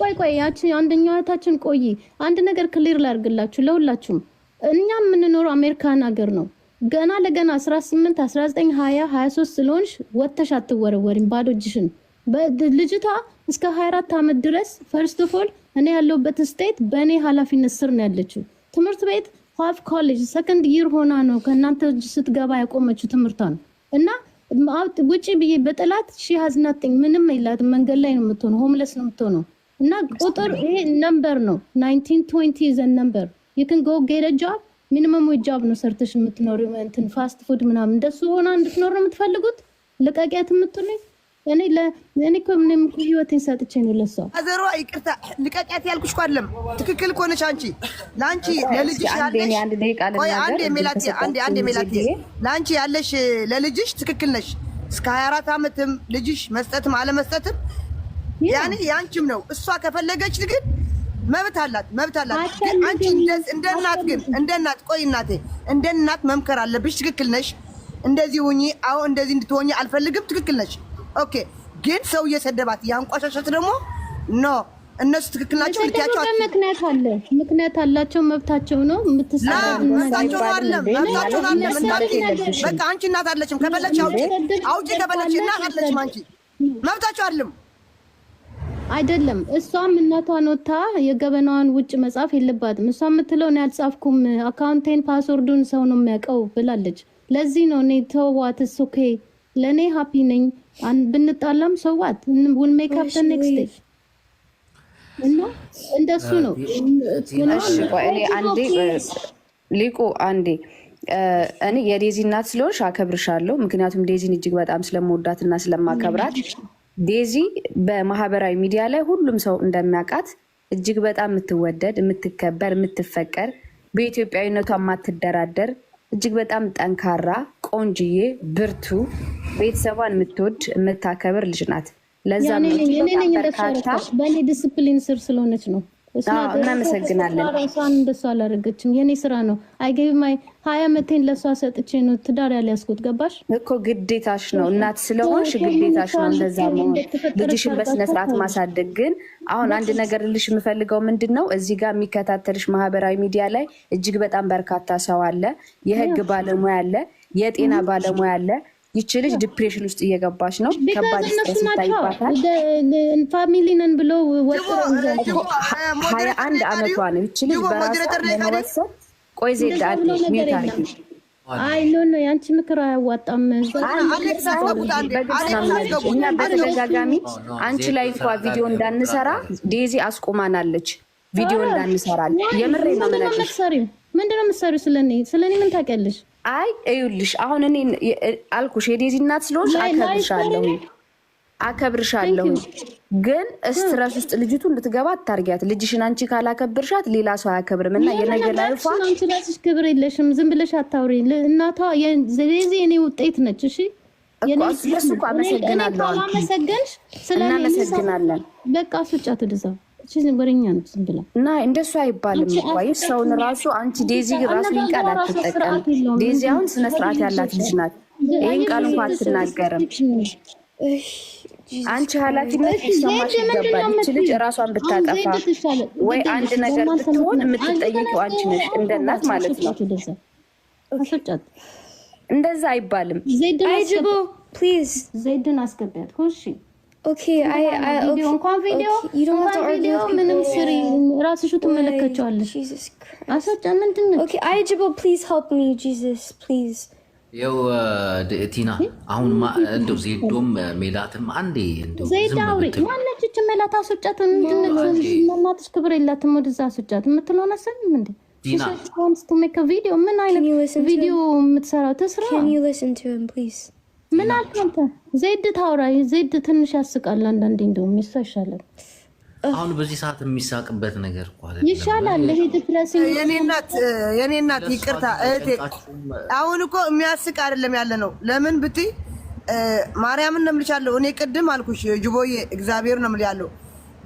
ቆይ ቆይ ያቺ አንደኛው እህታችን ቆይ፣ አንድ ነገር ክሊር ላርግላችሁ ለሁላችሁም። እኛ የምንኖረው አሜሪካን ሀገር ነው። ገና ለገና 18 19 20 23 ስለሆንሽ ወተሽ አትወረወሪም ባዶ እጅሽን። ልጅቷ እስከ 24 ዓመት ድረስ ፈርስት ኦፍ ኦል እኔ ያለሁበት ስቴት በእኔ ኃላፊነት ስር ነው ያለችው። ትምህርት ቤት ሀፍ ኮሌጅ ሰከንድ ይር ሆና ነው ከእናንተ እጅ ስትገባ ያቆመችው ትምህርቷን እና ውጭ ብዬ በጠላት ሺ ሀዝናትኝ ምንም የላትም። መንገድ ላይ ነው የምትሆነው፣ ሆምለስ ነው የምትሆነው። እና ቁጥር ይሄ ነምበር ነው። ናይንቲን ትዌንቲ ዘን ነምበር ይክን ጎ ጌደ ጃብ ሚኒመም ጃብ ነው ሰርተሽ የምትኖሪ እንትን ፋስት ፉድ ምናምን እንደሱ ሆና እንድትኖር ነው የምትፈልጉት። ልቀቂያት የምትሉኝ እኔ ለእኔ እኮ ምንም ህይወቴን ሰጥቼ ነው ለሷ። ይቅርታ ልቀቂያት ያልኩሽ እኮ አይደለም። ትክክል እኮ ነሽ አንቺ። ለልጅሽ ያለሽ ለልጅሽ ትክክል ነሽ። እስከ 24 ዓመትም ልጅሽ መስጠትም አለመስጠትም ያኔ ያንቺም ነው። እሷ ከፈለገች ግን መብት አላት፣ መብት አላት። ግን አንቺ እንደ እናት ግን እንደ እናት ቆይ እናቴ፣ እንደ እናት መምከር አለብሽ። ትክክል ነሽ። እንደዚህ ሁኚ፣ አሁን እንደዚህ እንድትሆኚ አልፈልግም። ትክክል ነሽ። ኦኬ። ግን ሰው እየሰደባት ያንቋሻሻት ደግሞ ኖ እነሱ ትክክል ናቸው። ልትያቸው ምክንያት አለ፣ ምክንያት አላቸው፣ መብታቸው ነው። የምትሳቸው አለም መብታቸው አለም። በቃ አንቺ እናት አለችም፣ ከፈለግሽ አውጪ አውጪ፣ ከፈለግሽ እና አለችም። አንቺ መብታቸው አለም አይደለም። እሷም እናቷን ወታ የገበናዋን ውጭ መጻፍ የለባትም። እሷ የምትለው እኔ አልጻፍኩም፣ አካውንቴን ፓስወርዱን ሰው ነው የሚያውቀው ብላለች። ለዚህ ነው እኔ ተዋት፣ ኦኬ ለእኔ ሀፒ ነኝ ብንጣላም ሰዋት ውል ሜካፕ ኔክስት እና እንደሱ ነው። ሊቁ አንዴ እኔ የዴዚ እናት ስለሆንሽ አከብርሻለሁ። ምክንያቱም ዴዚን እጅግ በጣም ስለምወዳትና ስለማከብራት ዴዚ በማህበራዊ ሚዲያ ላይ ሁሉም ሰው እንደሚያውቃት እጅግ በጣም የምትወደድ፣ የምትከበር፣ የምትፈቀር በኢትዮጵያዊነቷ የማትደራደር እጅግ በጣም ጠንካራ ቆንጅዬ፣ ብርቱ ቤተሰቧን የምትወድ የምታከብር ልጅ ናት። ለዛ በእኔ ዲስፕሊን ስር ስለሆነች ነው እናመሰግናለን። እንደሷ እንደሱ አላደረገችም። የኔ ስራ ነው። አይገቢ ማይ ሀያ ዓመቴን ለእሷ ሰጥቼ ነው ትዳር ያልያዝኩት። ገባሽ እኮ ግዴታሽ ነው። እናት ስለሆንሽ ግዴታሽ ነው እንደዛ መሆን፣ ልጅሽን በስነስርዓት ማሳደግ። ግን አሁን አንድ ነገር ልሽ የምፈልገው ምንድን ነው፣ እዚህ ጋር የሚከታተልሽ ማህበራዊ ሚዲያ ላይ እጅግ በጣም በርካታ ሰው አለ። የህግ ባለሙያ አለ፣ የጤና ባለሙያ አለ ይቺ ልጅ ዲፕሬሽን ውስጥ እየገባች ነው። ከባድ ስትረስ ይታይባታል። ፋሚሊ ነን ብለው ሀያ አንድ አመቷ ነው ይቺ ልጅ በራሷ ለመወሰን ቆይ ዜዳ ሚዩት አርጊ አይ ኖ ኖ የአንቺ ምክር አያዋጣም። እኛ በተደጋጋሚ አንቺ ላይ እንኳ ቪዲዮ እንዳንሰራ ዴዚ አስቆማናለች። ቪዲዮ እንዳንሰራል የምሬ ነው። ምንድነው የምትሰሪው? ስለኔ ስለኔ ምን ታውቂያለሽ? አይ እዩልሽ፣ አሁን እኔ አልኩሽ የዴዚ እናት ስለሆንሽ አከብርሻለሁ አከብርሻለሁ፣ ግን ስትረስ ውስጥ ልጅቱ እንድትገባ አታርጊያት። ልጅሽን አንቺ ካላከብርሻት ሌላ ሰው አያከብርም። እና የነገ ላይፏ አንቺ ክብር የለሽም። ዝም ብለሽ አታውሪ። እናቷ ዜዚ የኔ ውጤት ነች። እሺ ለሱ እኮ አመሰግናለሁ። ስለእናመሰግናለን። በቃ ሱጫት ወደዛው ቺዝ ወሬኛ ነው ዝም ብላ እና እንደሱ አይባልም። ይ ሰውን ራሱ አንቺ ዴዚ ራሱ ቃል አትጠቀም። ዴዚ አሁን ስነ ስርዓት ያላት ልጅ ናት። ይህን ቃል እንኳ አትናገርም። አንቺ ኃላፊነት ሰማሽ ይገባል። ይች ልጅ እራሷን ብታጠፋ ወይ አንድ ነገር ብትሆን የምትጠይቀው አንቺ ነሽ፣ እንደናት ማለት ነው። እንደዛ አይባልም። ዘይድን አስገቢያት እሺ ኦኬ አይ አይ ኦኬ እንኳን ቪዲዮ እንኳን ቪዲዮ ምንም ስሪ ራስሽ ትመለከቻለሽ። አሰጫ ምንድን ነው? ኦኬ አይ ጅቦ ፕሊዝ ሄልፕ ሚ ጂሰስ ፕሊዝ። ያው ቲና አሁን እንደው ዜዶም ሜላትም አንዴ እንደው ዜድ አውሪ ማነች እች ሜላት አስወጫት። እናትሽ ክብር የላትም ወደዛ አስወጫት የምትለውን አሰብም እንዴ ዲና ምን አይነት ቪዲዮ የምትሰራው ትስራ ምን አልክ አንተ? ዘይድ ታውራ። ዘይድ ትንሽ ያስቃል አንዳንዴ፣ እንደውም ይሷ ይሻላል። አሁን በዚህ ሰዓት የሚሳቅበት ነገር ይሻላል። ይሄ ዲፕሬሲንግ። የኔ እናት ይቅርታ እህቴ፣ አሁን እኮ የሚያስቅ አይደለም ያለ ነው። ለምን ብቲ ማርያምን ነው የምልሻለሁ። እኔ ቅድም አልኩሽ ጅቦዬ፣ እግዚአብሔር ነው የምልያለሁ።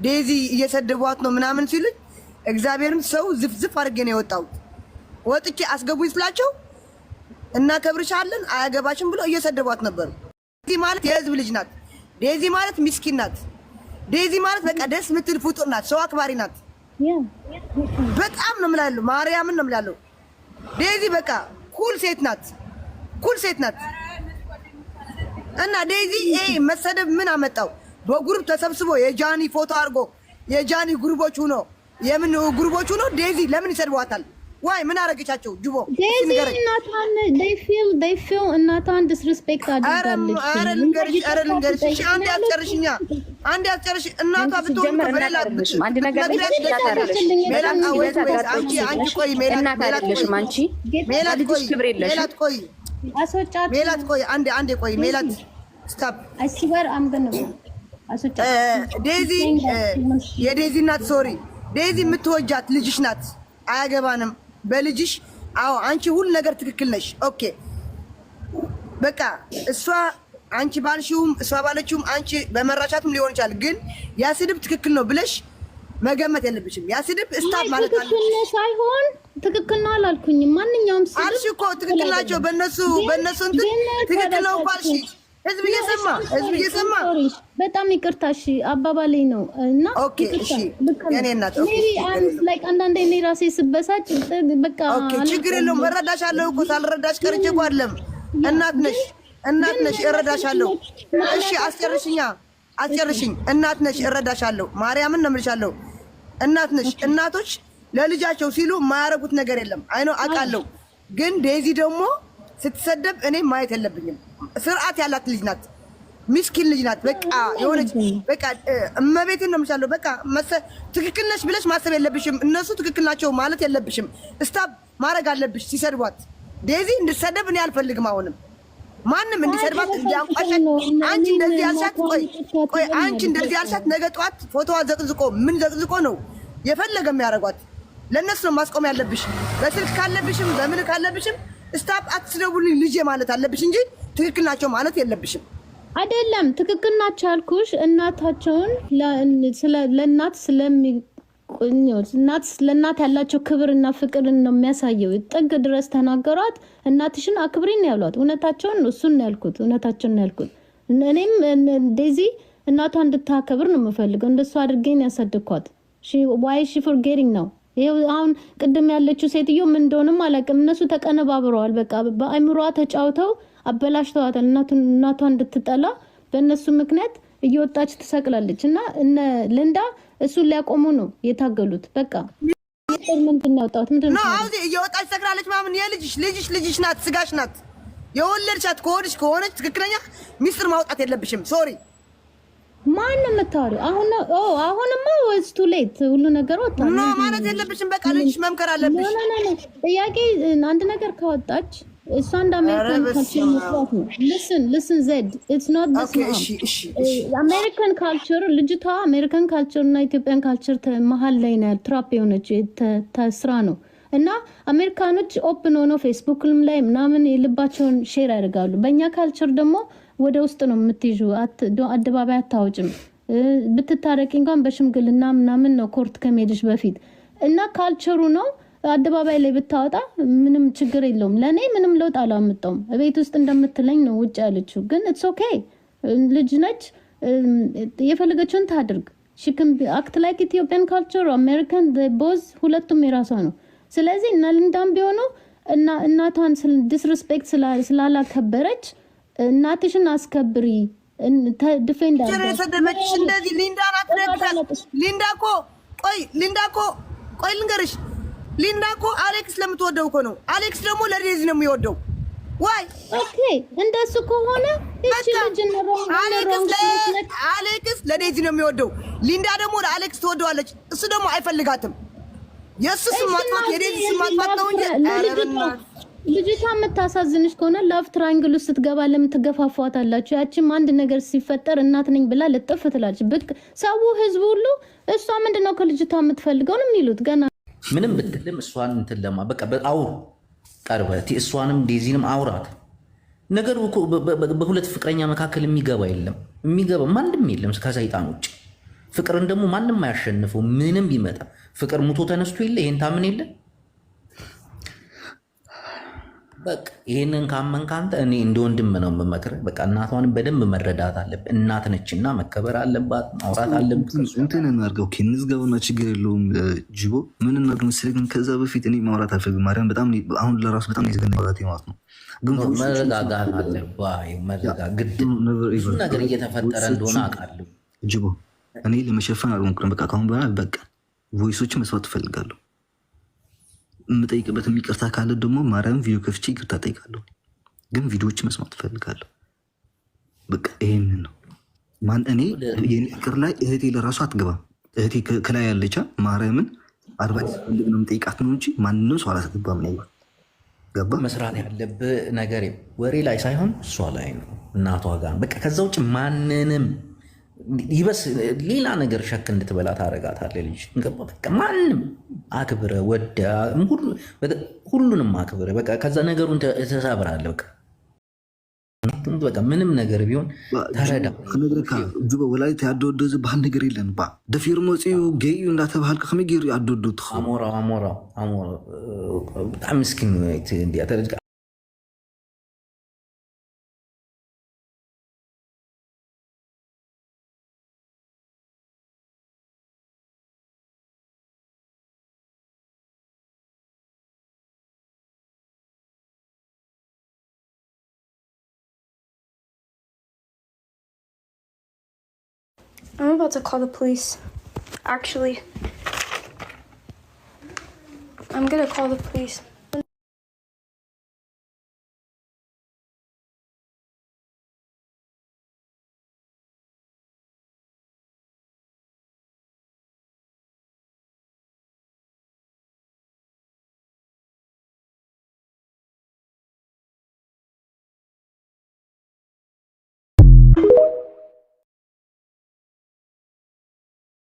ዴዚ እየሰደቧት ነው ምናምን ሲሉኝ፣ እግዚአብሔርን ሰው ዝፍዝፍ አድርጌ ነው የወጣው። ወጥቼ አስገቡኝ ስላቸው እናከብርሻለን አያገባሽም ብሎ እየሰደቧት ነበሩ። ዴዚ ማለት የህዝብ ልጅ ናት። ዴዚ ማለት ሚስኪን ናት። ዴዚ ማለት በቃ ደስ የምትል ፍጡር ናት። ሰው አክባሪ ናት። በጣም ነው የምላለው፣ ማርያምን ነው የምላለው። ዴዚ በቃ ኩል ሴት ናት። ኩል ሴት ናት። እና ዴዚ ይሄ መሰደብ ምን አመጣው? በጉርብ ተሰብስቦ የጃኒ ፎቶ አድርጎ የጃኒ ጉሩቦች ሁኖ የምን ጉሩቦች ሁኖ ዴዚ ለምን ይሰድቧታል? ዋይ ምን አረገቻቸው? ጅቦ እናቷን ዲስሪስፔክት አድርጋለች። ዴዚ፣ የዴዚ እናት ሶሪ ዴዚ የምትወጃት ልጅሽ ናት። አያገባንም። በልጅሽ አዎ፣ አንቺ ሁሉ ነገር ትክክል ነሽ። ኦኬ በቃ እሷ አንቺ ባልሽውም እሷ ባለችውም አንቺ በመራሻትም ሊሆን ይችላል። ግን ያ ስድብ ትክክል ነው ብለሽ መገመት የለብሽም። ያ ስድብ እስታብ ማለት ነው ሳይሆን ትክክል ነው አላልኩኝም። ማንኛውም ስድብ አልሽ እኮ ትክክል ናቸው። በእነሱ በእነሱ እንትን ትክክል ነው ባልሽ ህዝብ እየሰማ ህዝብ እየሰማ በጣም ይቅርታ። እሺ አባባሌ ነው እና አንዳንዴ እኔ ራሴ ስበሳጭ በቃ ችግር የለውም እረዳሻለሁ እኮ ሳልረዳሽ ቀርቼ እኮ እናት ነሽ እናት ነሽ እረዳሻለሁ። እሺ አስጨርሽኛ አስጨርሽኝ። እናት ነሽ እረዳሻለሁ። ማርያምን ነው የምልሻለሁ። እናት ነሽ። እናቶች ለልጃቸው ሲሉ የማያረጉት ነገር የለም። አይ አውቃለሁ። ግን ዴዚ ደግሞ ስትሰደብ እኔ ማየት የለብኝም። ስርዓት ያላት ልጅ ናት፣ ሚስኪን ልጅ ናት። በቃ የሆነች በቃ እመቤትን ነው የምሻለው። በቃ ትክክል ነሽ ብለሽ ማሰብ የለብሽም። እነሱ ትክክል ናቸው ማለት የለብሽም። እስታብ ማድረግ አለብሽ። ሲሰድቧት ዴዚ እንድሰደብ እኔ አልፈልግም። አሁንም ማንም እንዲሰድባት እንዲያንቋሸን አንቺ እንደዚህ ያልሻት ቆይ ቆይ አንቺ እንደዚህ ያልሻት ነገ ጠዋት ፎቶዋ ዘቅዝቆ ምን ዘቅዝቆ ነው የፈለገ የሚያደርጓት። ለእነሱ ነው ማስቆም ያለብሽ። በስልክ ካለብሽም በምን ካለብሽም ስታፕ አትስደቡልኝ ልጄ ማለት አለብሽ እንጂ ትክክል ናቸው ማለት የለብሽም። አይደለም ትክክል ናቸው ያልኩሽ እናታቸውን ለእናት ስለሚ እናት ለእናት ያላቸው ክብርና ፍቅር ነው የሚያሳየው። ጥግ ድረስ ተናገሯት። እናትሽን አክብሪ ያሏት። እውነታቸውን እሱን ነው ያልኩት። እውነታቸውን ነው ያልኩት። እኔም ዴዚ እናቷ እንድታከብር ነው የምፈልገው። እንደሱ አድርጌን ያሳደግኳት ዋይ ሺ ፎርጌቲንግ ነው አሁን ቅድም ያለችው ሴትዮ ምን እንደሆነም አላውቅም። እነሱ ተቀነባብረዋል። በቃ በአይምሯ ተጫውተው አበላሽተዋታል። እናቷ እንድትጠላ በእነሱ ምክንያት እየወጣች ትሰቅላለች። እና እነ ልንዳ እሱን ሊያቆሙ ነው የታገሉት። በቃ ምንድን ነው ያወጣሁት? ምንድን ነው አሁን እየወጣች ትሰቅላለች ምናምን። የልጅሽ ልጅሽ ልጅሽ ናት፣ ስጋሽ ናት። የወለድሻት ከሆነች ከሆነች ትክክለኛ ሚስጥር ማውጣት የለብሽም። ሶሪ ማን ነው የምታወሪው? አሁን ኦ አሁንማ ወዝ ቱ ሌት ሁሉ ነገር ወጣ ነው ማለት የለብሽም። በቃ ልጅሽ መምከር አለብሽ። ጥያቄ አንድ ነገር ካወጣች እሷ እንደ አሜሪካን ካልቸር መስራት ነው። ልስን ልስን ዘድ ኢትስ ኖት ዲስ አሜሪካን ካልቸር ልጅቷ አሜሪካን ካልቸር እና ኢትዮጵያን ካልቸር መሀል ላይ ነው ትራፕ የሆነች ተስራ ነው እና አሜሪካኖች ኦፕን ሆኖ ፌስቡክም ላይ ምናምን የልባቸውን ሼር ያደርጋሉ። በእኛ ካልቸር ደግሞ ወደ ውስጥ ነው የምትይዙ፣ አደባባይ አታውጭም። ብትታረቂ እንኳን በሽምግልና ምናምን ነው ኮርት ከመሄድሽ በፊት እና ካልቸሩ ነው አደባባይ ላይ ብታወጣ ምንም ችግር የለውም። ለእኔ ምንም ለውጥ አላመጣውም። ቤት ውስጥ እንደምትለኝ ነው ውጭ ያለችው። ግን ኢትስ ኦኬ ልጅ ነች፣ የፈለገችውን ታድርግ። ሽክም አክት ላይክ ኢትዮጵያን ካልቸር አሜሪካን ቦዝ ሁለቱም የራሷ ነው። ስለዚህ እና ልንዳም ቢሆኑ እናቷን ዲስሪስፔክት ስላላከበረች እናትሽን አስከብሪ። ድፌንዳ እንደዚህ ሊንዳ ናት። ሊንዳ እኮ ቆይ ሊንዳ እኮ ቆይ ልንገርሽ፣ ሊንዳ እኮ አሌክስ ለምትወደው እኮ ነው። አሌክስ ደግሞ ለዴዚ ነው የሚወደው። ዋይ ኦኬ፣ እንደሱ ከሆነ አሌክስ ለዴዚ ነው የሚወደው። ሊንዳ ደግሞ ለአሌክስ ትወደዋለች፣ እሱ ደግሞ አይፈልጋትም። የእሱ ስም ማጥፋት የዴዚ ስም ማጥፋት ነው እንጂ ልጅቷ የምታሳዝንሽ ከሆነ ላቭ ትራንግል ውስጥ ስትገባ ለምትገፋፏት አላችሁ። ያችም አንድ ነገር ሲፈጠር እናት ነኝ ብላ ልጥፍ ትላለች። ብቅ ሰው ህዝብ ሁሉ እሷ ምንድን ነው ከልጅቷ የምትፈልገው ነው የሚሉት። ገና ምንም ብትልም እሷን እንትን ለማ በቃ አውሩ፣ ቀርበት እሷንም ዴዚንም አውራት። ነገሩ እኮ በሁለት ፍቅረኛ መካከል የሚገባ የለም የሚገባ ማንድም የለም ከሰይጣን ውጭ። ፍቅርን ደግሞ ማንም አያሸንፈው ምንም ቢመጣ። ፍቅር ሙቶ ተነስቶ የለ ይህን ታምን የለ በቃ ይህንን ካመን ካንተ እኔ እንደ ወንድም ነው የምመክርህ። በቃ እናቷንም በደንብ መረዳት አለብህ። እናት ነችና መከበር አለባት፣ ማውራት አለብህ። እንትን እናድርገው እንዝገቡና ችግር የለውም ጅቦ። ምን እናድርግ መሰለህ፣ ግን ከዛ በፊት እኔ ማውራት አልፈልግም። ማርያም በጣም አሁን ለራሱ በጣም የዘገነ ማውራት ማለት ነው። መረጋጋት አለብህ። ብዙ ነገር እየተፈጠረ እንደሆነ አውቃለሁ ጅቦ። እኔ ለመሸፈን አልሞክርም። በቃ ካሁን በኋላ በቃ ቮይሶችን መስዋዕት ትፈልጋለሁ የምጠይቅበት የሚቅርታ ካለ ደግሞ ማርያም ቪዲዮ ከፍቼ ይቅርታ ጠይቃለሁ። ግን ቪዲዮዎች መስማት እፈልጋለሁ። በቃ ይህን ነው ማን እኔ የኔ ፍቅር ላይ እህቴ ለራሱ አትገባም። እህቴ ከላይ ያለቻ ማርያምን አድቫይስ ፈልግ ነው የምጠይቃት ነው እንጂ ማንም ሰው አላስገባም። ነ ገባ መስራት ያለብህ ነገር ወሬ ላይ ሳይሆን እሷ ላይ ነው እናቷ ጋር በቃ ከዛ ውጭ ማንንም ይበስ ሌላ ነገር ሸክ እንድትበላ ታደርጋታለህ። ልጅ በቃ ማንም አክብረ ወደ ሁሉንም አክብረ በቃ ከዛ ነገሩን ተሳብራለህ። በቃ በቃ ምንም ነገር ቢሆን ተረዳነገርካ ጁበ ወላዲት ያደወደ ዝበሃል ነገር የለን ባ ደፊር መፅ ገይ እንዳተባሃልካ ከመይ ያደወዱት ያደወዶ ትኸ አሞራው አሞራው ብጣዕሚ ምስኪን እንዲያ I'm about to call the police. Actually, I'm gonna call the police.